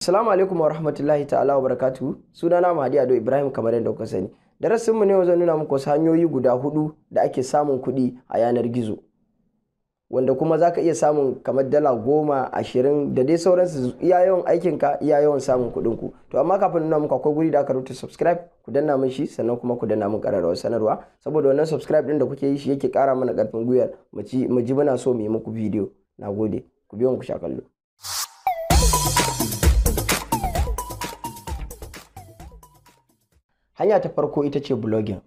Assalamu alaikum wa rahmatullahi ta'ala wa suna Sunana mahadi Ado Ibrahim kamar yadda kuka sani. Darasin mu ne yau zan nuna muku wasu hanyoyi guda hudu da ake samun kuɗi a yanar gizo. Wanda kuma za ka iya samun kamar dala goma, ashirin da dai sauransu iya yawan aikinka iya yawan samun kuɗin ku. To amma kafin nuna muku akwai guri da aka rubuta subscribe ku danna min shi sannan kuma ku danna min ƙararrawar sanarwa saboda wannan subscribe ɗin da kuke yi shi yake ƙara mana ƙarfin gwiwar mu ji muna so mu yi muku bidiyo. Nagode. Ku biyo mu ku sha kallo. hanya ta farko ita ce blogging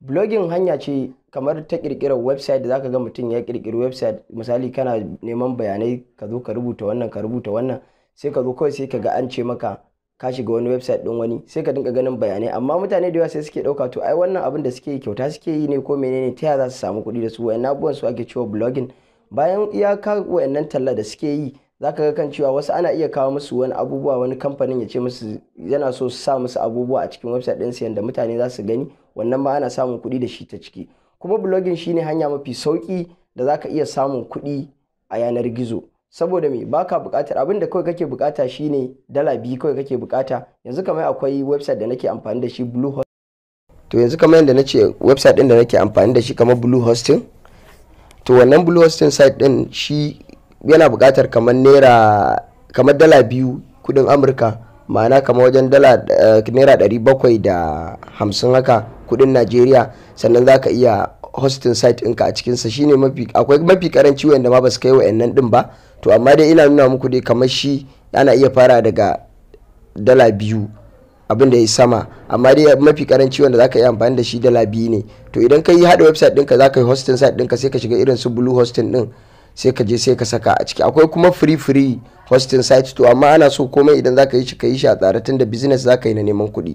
blogging hanya ce kamar ta kirkirar website da zaka ga mutum ya kirkiri website misali kana neman bayanai ka zo ka rubuta wannan ka rubuta wannan sai ka zo kawai sai ka ga an ce maka ka shiga wani website din wani sai ka dinka ganin bayanai amma mutane da yawa sai suke dauka to ai wannan abin da suke yi kyauta suke yi ne ko menene ta yaya za su samu kuɗi da su wayannan abubuwan su ake cewa blogging bayan iyaka wayannan talla da suke yi za ka ga kan cewa wasu ana iya kawo musu wani abubuwa wani kamfanin ya ce musu yana so su sa musu abubuwa a cikin website ɗinsu yadda mutane za su gani wannan ma ana samun kuɗi da shi ta ciki kuma blogging shine hanya mafi sauƙi da za ka iya samun kuɗi a yanar gizo saboda me baka buƙatar abin da kawai kake buƙata shine dala biyu kawai kake buƙata yanzu kamar akwai website da nake amfani da shi blue to yanzu kamar yadda na ce website ɗin da nake amfani da shi kamar blue hosting to wannan blue hosting site ɗin shi yana bukatar kamar naira kamar dala biyu kudin amurka ma'ana kamar wajen dala eh, naira ɗari bakwai da hamsin haka kudin najeriya sannan za ka iya hosting site ɗinka a cikinsa shine mafi akwai mafi karanci wanda ma ba su kai wa'annan ɗin ba to amma dai ina nuna muku dai kamar shi ana iya fara daga dala biyu abin da ya sama amma dai mafi karanci wanda zaka yi amfani da shi dala biyu ne to idan ka yi haɗa website ɗinka zaka yi hosting site ɗinka sai ka shiga irin su blue hosting ɗin sai ka je sai ka saka a ciki akwai kuma free free hosting site to amma ana so komai idan zaka yi shi ka yi shi a tsare tun da business zaka yi na neman kuɗi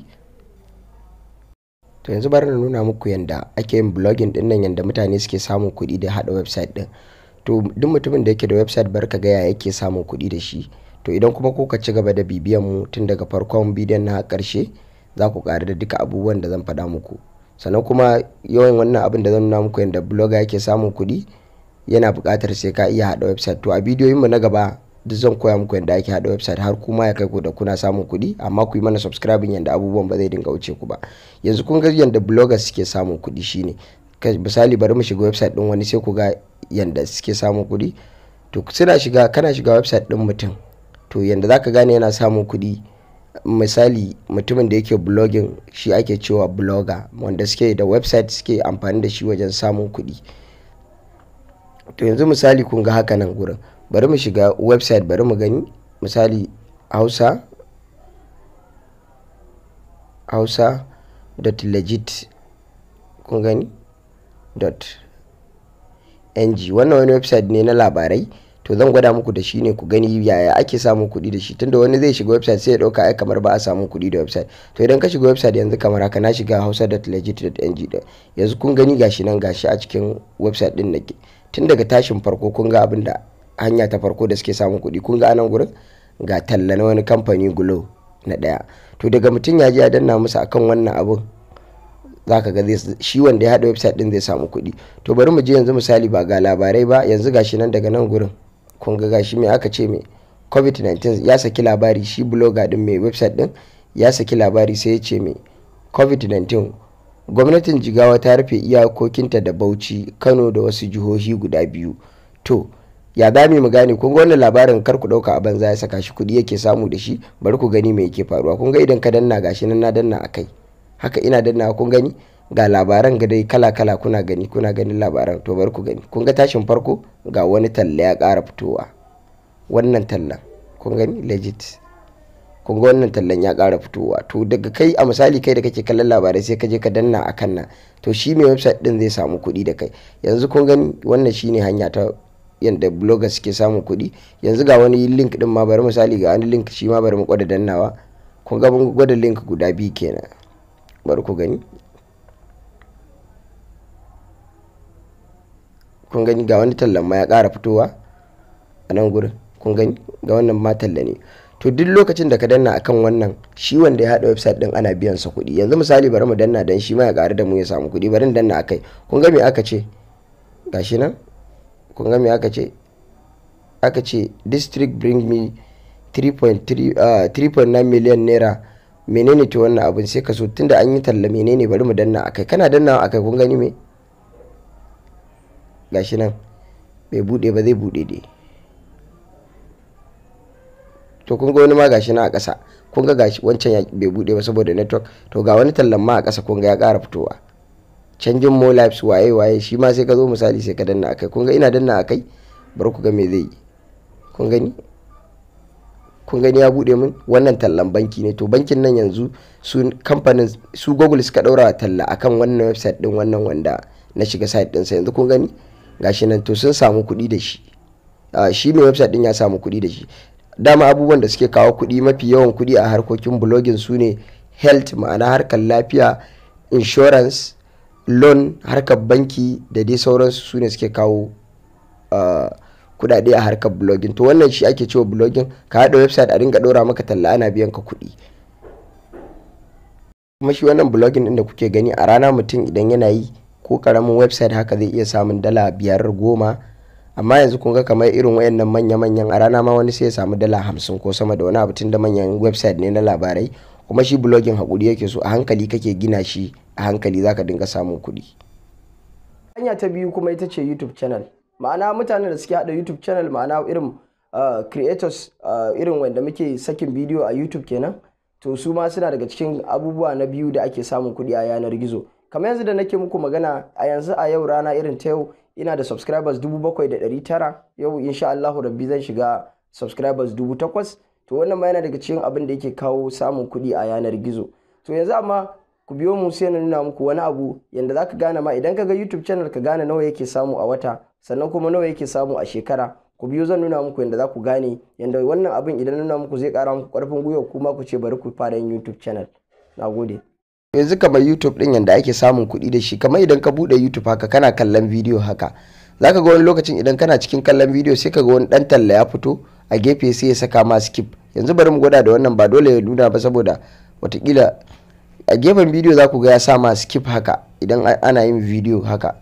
to yanzu bari na nuna muku yanda ake yin blogging din nan yanda mutane suke samun kuɗi da hada website din to duk mutumin da yake da website barka ga ya yake samun kuɗi da shi to idan kuma ko ka ci gaba da bibiyan mu tun daga farkon bidiyon na karshe za ku ƙari da duka abubuwan da zan faɗa muku sannan kuma yawan wannan abin da zan nuna muku yadda blogger yake samun kuɗi yana bukatar sai ka iya haɗa website to a bidiyoyinmu na gaba duk zan koya muku yadda ake haɗa website har kuma ya kai ku da kuna samun kuɗi amma ku yi mana subscribing yadda abubuwan ba zai dinga wuce ku ba yanzu kun ga yadda bloggers suke samun kuɗi shine misali bari mu shiga website ɗin wani sai ku ga yadda suke samun kuɗi to suna shiga kana shiga website ɗin mutum to yadda za ka gane yana samun kuɗi misali mutumin da yake blogging shi ake cewa blogger wanda suke da website suke amfani da shi wajen samun kuɗi to yanzu misali kun ga haka nan gurin bari mu shiga website bari mu gani misali hausa hausa dot legit kun gani dot ng wannan wani website ne na labarai to zan gwada muku da shi ne ku gani yaya ake samun kuɗi da shi tunda wani zai shiga website sai ya ɗauka ai kamar ba a samun kuɗi da website to idan ka shiga website yanzu kamar haka na shiga hausa.legit.ng din yanzu kun gani gashi nan gashi a cikin website din nake tun daga tashin farko kun ga abin da hanya ta farko da suke samun kuɗi kun ga anan gurin ga talla na wani kamfani glo na daya to daga mutum ya je ya danna musu akan wannan abun za ka ga shi wanda ya hada website ɗin zai samu kuɗi to bari mu je yanzu misali ba ga labarai ba yanzu gashi nan daga nan gurin kun ga gashi mai aka ce mai covid-19 ya saki labari shi blogger din mai website din ya saki labari sai ya ce mai covid-19 gwamnatin jigawa ta rufe iyakokinta da bauchi kano da wasu jihohi guda biyu to ya dami mu gane kun ga wannan labarin kar ku dauka a banza ya saka shi kudi yake samu da shi bari ku gani mai yake faruwa kun ga idan ka danna gashi nan na danna akai haka ina danna kun gani ga labaran ga dai kala-kala kuna gani kuna ganin labaran to bari ku gani kun ga tashin farko ga wani talla ya ƙara fitowa wannan tallan kun gani legit kun ga wannan tallan ya ƙara fitowa to daga kai a misali kai da kake kallon labarai sai ka je ka danna a kan nan to shi mai website din zai samu kuɗi da kai yanzu kun gani wannan shine hanya ta yadda bloggers suke samun kuɗi yanzu ga wani link din ma bari misali ga wani link shi ma bari mu gwada dannawa kun ga mun gwada link guda biyu kenan bari ku gani kun gani ga wani tallan ma ya ƙara fitowa a nan gurin kun gani ga wannan ma talla ne to duk lokacin da ka danna akan wannan shi wanda ya hada website din ana biyan sa kuɗi yanzu misali bari mu danna dan shi ma ya ƙara da mu ya samu kuɗi bari danna akai kun ga me aka ce gashi nan kun ga me aka ce aka ce district bring me 3.9 ah, million naira menene to wannan abin sai ka so tunda an yi talla menene bari mu danna akai kana danna akai kun gani me gashi nan bai bude ba zai bude dai to kun ga wani ma gashi nan a ƙasa kun ga gashi wancan ya bai bude ba saboda network to ga wani tallan ma a ƙasa kun ga ya ƙara fitowa canjin mo lives waye waye shi ma sai ka zo misali sai ka danna akai kun ga ina danna akai bari ku ga me zai yi kun gani kun gani ya bude min wannan tallan banki ne to bankin nan yanzu su kamfanin su google suka daura talla akan wannan website din wannan wanda na shiga site din sa yanzu kun gani gashi nan to sun samu kuɗi da shi ah, shi mai website din ya samu kuɗi da shi dama abubuwan da suke kawo kuɗi mafi yawan kuɗi a harkokin blogging su ne health ma'ana harkar lafiya insurance loan harkar banki da dai sauransu su ne suke kawo ah, kudade a harkar blogging to wannan shi ake cewa blogging ka haɗa website a ringa ɗora maka talla ana biyan ka kuɗi kuma shi wannan blogging ɗin da kuke gani a rana mutum idan yana yi ko karamin website haka zai iya samun dala biyar goma amma yanzu kun ga kamar irin wayannan manya-manyan a rana ma wani sai ya samu dala hamsin ko sama da wani abu tun da manyan website ne na labarai kuma shi blogging hakuri yake so a hankali kake gina shi a hankali zaka dinga samun kuɗi. hanya ta biyu kuma ita ce youtube channel ma'ana mutane da suke haɗa youtube channel ma'ana irin ah, creators ah, irin wanda muke sakin bidiyo a youtube kenan to su ma suna daga cikin abubuwa na biyu da ake samun kuɗi a yanar gizo kamar yanzu da nake muku magana a yanzu a yau rana irin ta yau ina da subscribers dubu bakwai da ɗari tara yau insha rabbi zan shiga subscribers dubu to wannan ma yana daga cikin abin da yake kawo samun kuɗi a yanar gizo to yanzu amma ku biyo mu sai na nuna muku wani abu yanda zaka gane ma idan ka ga YouTube channel ka gane nawa yake samu a wata sannan kuma nawa yake samu a shekara ku biyo zan nuna muku yanda za ku gane yanda wannan abin idan nuna muku zai ƙara muku ƙarfin gwiwa kuma ku ce bari ku fara yin YouTube channel nagode yanzu kamar youtube din yanda ake samun kuɗi da shi kamar idan ka bude youtube haka kana kallon video haka zaka ga wani lokacin idan kana cikin kallon video sai ka ga wani dan talla ya fito a gefe sai ya saka ma skip yanzu bari mu gwada da wannan ba dole ya nuna ba saboda watakila a gefen video za ku ga ya sa ma skip haka idan ana yin video haka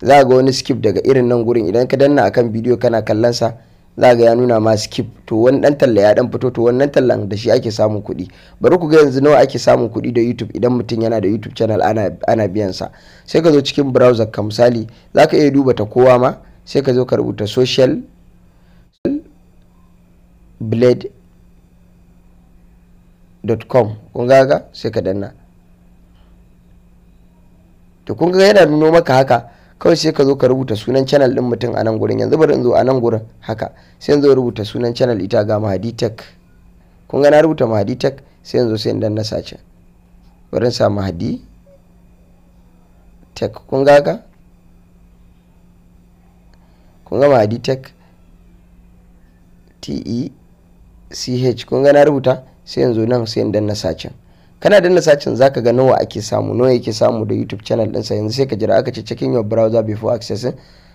za ga wani skip daga irin nan gurin idan ka danna akan video kana kallon sa za ga ya nuna ma skip to wani dan talla ya dan fito to wannan tallan da shi ake samun kuɗi bari ku ga yanzu nawa ake samun kuɗi da YouTube idan mutum yana da YouTube channel ana ana biyan sa sai ka zo cikin browser ka misali za ka iya duba ta kowa ma sai ka zo ka rubuta social blade.com kun ga sai ka danna to kun ga yana nuno maka haka kawai sai ka zo ka rubuta sunan channel din mutum a nan gurin yanzu bari in zo a nan gurin haka sai in zo rubuta sunan channel ita ga mahadi tech kun ga na rubuta mahadi tech sai in zo sai in danna sace bari in sa mahadi tech kun ga ga kun ga mahadi tech t e c h kun ga na rubuta sai in zo nan sai in danna sacin kana danna sacin zaka ga nawa ake samu nawa yake samu da youtube channel ɗinsa yanzu sai ka jira aka ce checking your browser before accessing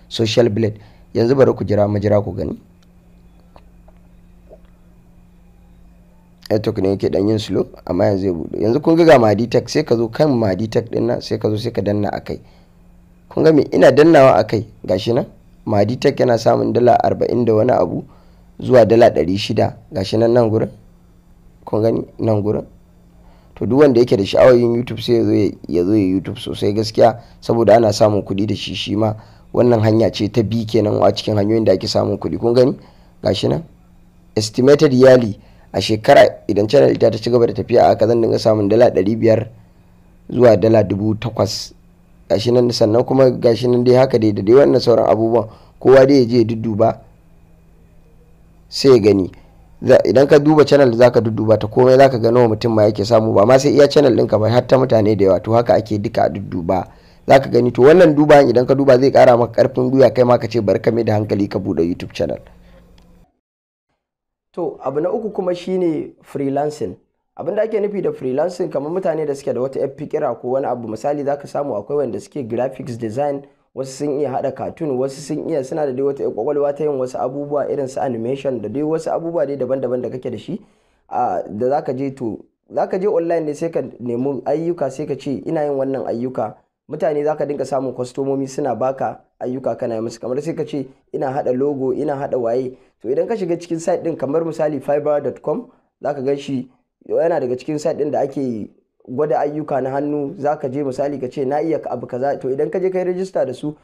social blade yanzu bari ku jira majira ku gani network ne yake dan yin slow amma yanzu zai bude yanzu kun ga ga madi tech sai ka zo kan madi tech din nan sai ka zo sai ka danna akai kun ga me ina dannawa akai gashi nan madi tech yana samun dala 40 da wani abu zuwa dala 600 gashi nan nan gurin kun gani nan gurin to duk wanda yake da sha'awar yin youtube sai ya zo ya youtube sosai gaskiya saboda ana samun kuɗi da shi shi ma wannan hanya ce ta bi kenan a cikin hanyoyin da ake samun kuɗi kun gani gashi nan estimated yearly a shekara idan channel ita ta ci gaba da tafiya a zan dinga samun dala 500 zuwa dala 8000 gashi nan sannan kuma gashi nan dai haka dai da dai wannan sauran abubuwan kowa dai ya je ya dudduba sai ya gani idan ka duba channel za ka dudduba ta komai zaka ka ga nawa mutum ma yake samu ba ma sai iya channel ɗinka ba har ta mutane da yawa to haka ake duka dudduba zaka gani to wannan duba idan ka duba zai kara maka karfin gwiwa kai ma ka ce bari ka mai da hankali ka buɗe youtube channel to abu na uku kuma shine freelancing abin da ake nufi da freelancing kamar mutane da suke da wata app fikira ko wani abu misali zaka samu akwai wanda suke graphics design wasu sun iya hada cartoon wasu sun iya suna da dai wata kwakwalwa ta yin wasu abubuwa irin su animation da dai wasu abubuwa dai daban-daban da kake da shi da zaka je to zaka je online ne sai ka nemi ayyuka sai ka ce ina yin wannan ayyuka mutane zaka dinka samun kwastomomi suna baka ayyuka kana yi musu kamar sai ka ce ina haɗa logo ina haɗa waye to idan ka shiga cikin site din kamar misali fiverr.com zaka gan shi yana daga cikin site din da ake gwada ayyuka na hannu za ka je misali ka ce na iya abu kaza to idan ka je ka yi rajista da su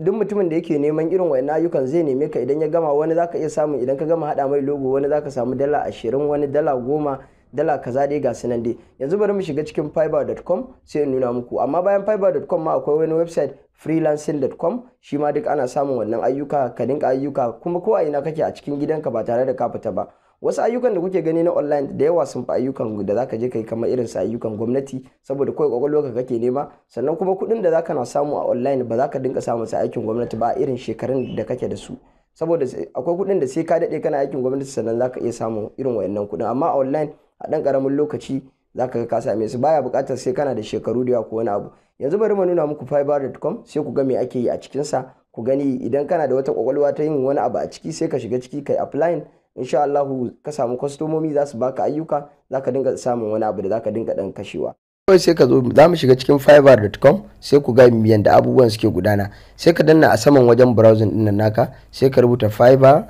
duk mutumin da yake neman irin wa'in ayyukan zai neme ka idan ya gama wani za ka iya samun idan ka gama haɗa mai logo wani za ka samu dala ashirin wani dala goma dala kaza dai ga nan dai yanzu bari mu shiga cikin fiber.com sai in nuna muku amma bayan fiber.com ma akwai wani website freelancing.com shi ma duk ana samun wannan ayyuka ka dinka ayyuka kuma ko a ina kake a cikin gidanka ba tare da ka fita ba wasu ayyukan da kuke gani na online da yawa sun fi ayyukan da zaka je kai kamar irin su ayyukan gwamnati saboda kawai kwakwalwa ka kake nema sannan kuma kuɗin da zaka na samu a online ba zaka dinka samun sa aikin gwamnati ba irin shekarun da kake da su saboda akwai kuɗin da sai ka dade kana aikin gwamnati sannan zaka iya samun irin wayannan kuɗin amma a online a ɗan karamin lokaci zaka ka same su baya buƙatar sai kana da shekaru da yawa ko wani abu yanzu bari mu nuna muku fiber.com sai ku ga me ake yi a cikin sa ku gani idan kana da wata kwakwalwa ta yin wani abu a ciki sai ka shiga ciki kai applying insha Allah ka samu kwastomomi za su baka ayyuka za ka dinga samun wani abu da za ka dinga dan kashewa kawai sai ka zo za mu shiga cikin fiverr.com sai ku ga da abubuwan suke gudana sai ka danna a saman wajen browsing din nan naka sai ka rubuta fiverr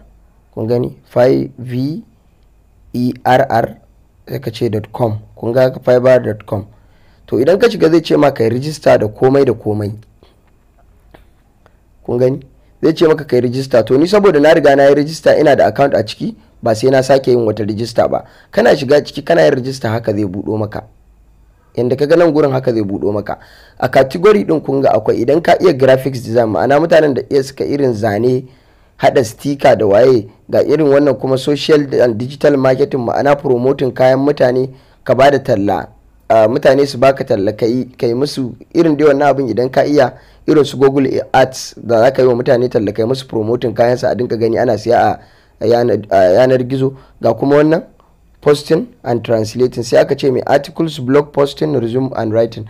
kun gani v e r sai ka ce .com kun ga fiverr.com to idan ka shiga zai ce maka rijista da komai da komai kun gani zai ce maka kai rijista to ni saboda na riga na yi rijista ina da account a ciki ba sai na sake yin wata rijista ba kana shiga ciki kana yin rijista haka zai buɗo maka yanda kaga nan gurin haka zai buɗo maka a category din kun ga akwai idan ka iya graphics design ma'ana mutanen da iya suka irin zane hada sticker da waye ga irin wannan kuma social and digital marketing ma'ana promoting kayan mutane ka ba da talla ah, mutane su baka talla kai yi musu irin dai wannan abin idan ka iya irin su google ads da za ka yi wa mutane tallakai musu promoting sa a dinka gani ana siya a yanar gizo ga kuma wannan posting and translating sai aka ce mai articles blog posting resume and writing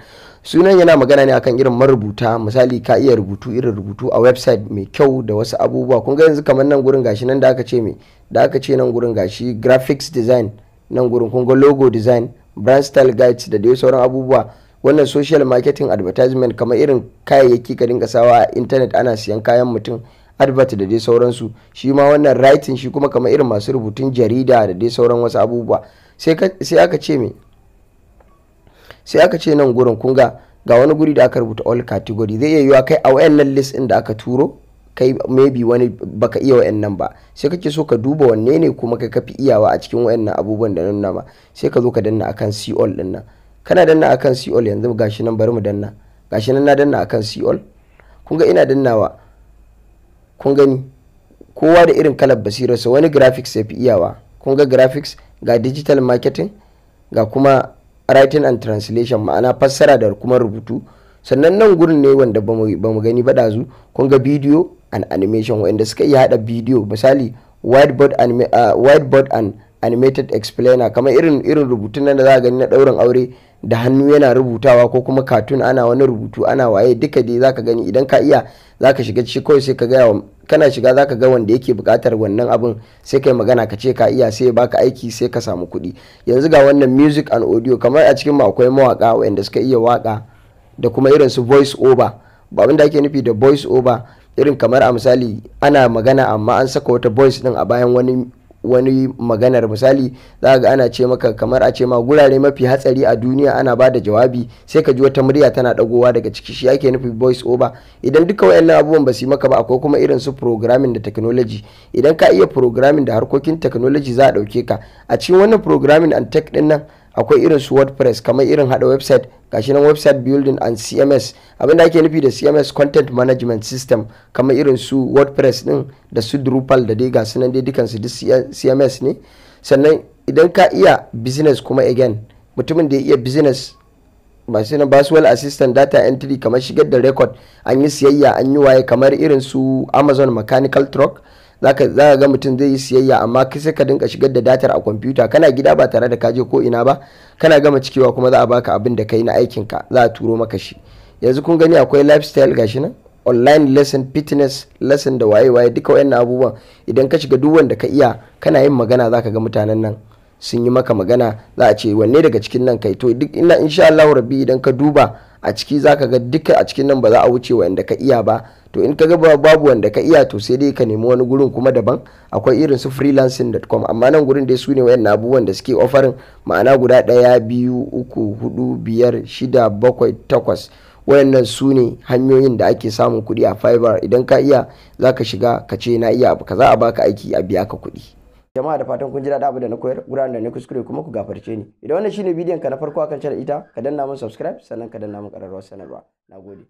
sunan yana magana ne akan irin marubuta misali ka iya rubutu irin rubutu a website mai kyau da wasu abubuwa kun ga yanzu kamar nan gurin gashi nan da aka ce mai da aka ce nan gurin gashi graphics design nan gurin kun ga logo design brand style guides da dai sauran abubuwa wannan social marketing advertisement kamar irin kayayyaki ka dinga sawa a intanet ana siyan kayan mutum advert da dai sauransu shi ma wannan writing shi kuma kamar irin masu rubutun jarida da dai sauran wasu abubuwa sai aka ce me sai aka ce nan gurin kunga ga wani guri da aka rubuta all category zai iya yiwa kai a wayannan list din da aka turo kai maybe wani baka iya wayannan ba sai kake so ka duba wanne ne kuma kai kafi iyawa a cikin wayannan abubuwan da nuna ma sai ka zo ka danna akan see all din nan kana danna akan c all yanzu gashi nan bari mu danna gashi nan na danna akan c all kun ga ina dannawa kun gani kowa da irin kalar basirarsa wani graphics ya fi iyawa kun ga graphics ga digital marketing ga kuma writing and translation ma'ana fassara da kuma rubutu sannan nan gurin ne wanda ba mu gani ba dazu kun ga bidiyo and animation wanda suka iya hada bidiyo misali whiteboard, anima, uh, whiteboard and animated explainer kamar irin irin rubutun nan da za a gani na daurin aure da hannu yana rubutawa ko kuma katun ana wani rubutu ana waye duka dai zaka gani idan ka iya zaka shiga ciki kawai sai ka ga kana shiga zaka ga wanda yake bukatar wannan abin sai kai magana ka ce ka iya sai baka aiki sai ka samu kuɗi yanzu ga wannan music and audio kamar a cikin akwai mawaka wanda suka iya waka da kuma irin su voice over ba abin da ake nufi da voice over irin kamar a misali ana magana amma an saka wata voice din a bayan wani wani maganar misali za ga ana ce maka kamar a ce ma gurare mafi hatsari a duniya ana ba da jawabi sai ka ji wata murya tana dagowa daga ciki shi ake nufi voice over idan duka wayannan abubuwan ba su maka ba akwai kuma irin su programming da technology idan ka iya programming da harkokin technology za a dauke ka a cikin wannan programming and tech din nan akwai irin su wordpress kamar irin hada website gashi nan website building and cms abinda ake nufi da cms content management system kamar irin su wordpress din da su drupal da dai gasu nan dai dukansu duk cms ne sannan idan ka iya business kuma again mutumin da ya iya business masu na basuwal assistant data entry kamar shigar da record an yi siyayya an yi waye kamar irin su amazon mechanical truck zaka zaka ga mutum zai yi siyayya amma kai sai ka dinka shigar da datar a kwamfuta kana gida ba tare da ka je ko ina ba kana gama cikewa kuma za a baka abin da kai na aikin ka za a turo maka shi yanzu kun gani akwai lifestyle gashi nan online lesson fitness lesson da waye waye duka wayannan abubuwan idan ka shiga duk wanda ka iya kana yin magana zaka ga mutanen nan sun yi maka magana za a ce wanne daga cikin nan kai to duk ina insha Allah rabbi idan ka duba a ciki za ka ga duka a cikin nan ba za a wuce wanda ka iya ba to in ka ga babu wanda ka iya to sai dai ka nemi wani gurin kuma daban akwai irin su freelancing.com amma nan gurin dai su ne wayan abubuwan da suke ofarin ma'ana guda ɗaya biyu uku hudu biyar shida bakwai takwas wayannan su ne hanyoyin da ake samun kuɗi a fiber idan ka iya za ka shiga ka ce na iya ka za a baka aiki a biya ka kuɗi jama'a da fatan kun ji da abu da na koyar gudanar da na kuskure kuma ku gafarce ni idan wannan shine bidiyon ka na farko akan channel ita ka danna mun subscribe sannan ka danna mun ƙararrawar sanarwa nagode